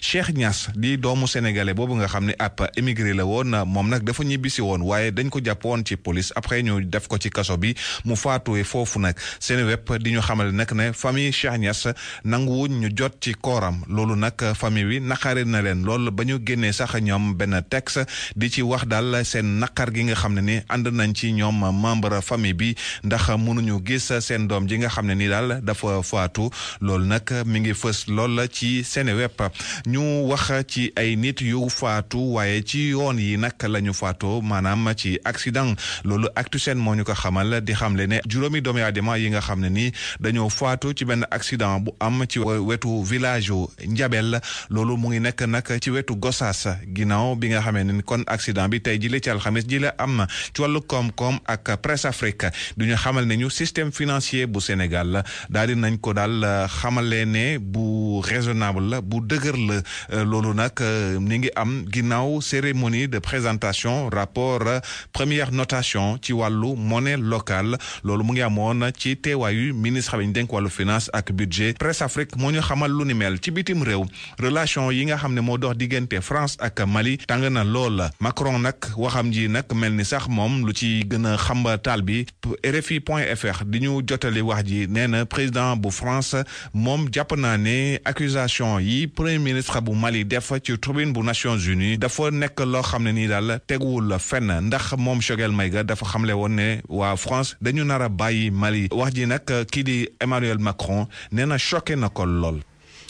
Cheikh Niass di doomu sénégalais boobu nga xam ne ab émigré la woon moom nag dafa ñibbisi woon waaye dañ ko jàppoon ci police après ñu def ko ci kaso bi mu faatuwee foofu nag Seneweb di ñu xamal nag ne famille Cheikh Niass nanguwuñ ñu jot ci kooram loolu nag famille wi naqari na leen lool ba ñu génnee sax ñoom benn texte di ci wax daal seen naqar gi nga xam ne ni ànd nañ ci ñoom membre famille bi ndax mënuñu gis seen doom ji nga xam ne ni daal dafa faatu loolu nag mi ngi fës lool ci Seneweb ñu wax ci ay nit yu faatu waaye ci yoon yi nag la ñu faatoo maanaam ci accident loolu Actu Sen moo ñu ko xamal di xamle ne juróomi doomi aadama yi nga xam ne ni dañoo faatu ci benn accident bu am ci wetu village u Njabel loolu mu ngi nekk nag ci wetu Gossas ginnaaw bi nga xamee ne kon accident bi tey jile ci alxames jile am ci wàllu koom-koom ak Presse Afrique du ñu xamal ne ñu système financier bu Sénégal daal di nañ ko daal xamale ne bu bu raisonnable la bu dëgër la euh, loolu nag ni euh, ngi am ginnaaw cérémonie de présentation rapport euh, première notation ci wàllu monnaie locale loolu mu ngi amoon ci teewaayu ministre bi ñu dénk finance ak budget presse Afrique moo ñu xamal lu ni mel ci bitim réew relation yi nga xam ne moo dox diggante France ak Mali tàng na lool la Macron nag waxam ji nag mel ni sax moom lu ci gën a xamba taal bi RFI point fr di ñu jotali wax ji nee na président bu France moom jàpp naa ne accusation yi premier ministre bu Mali def ci tribune bu Nations Unies dafa nekk loo xam ne nii daal teguwul fenn ndax moom Choguel mayga dafa xamle woon ne waa France dañu nar a bàyyi Mali wax ji nag kii di Emmanuel Macron nee na choqué na ko lool.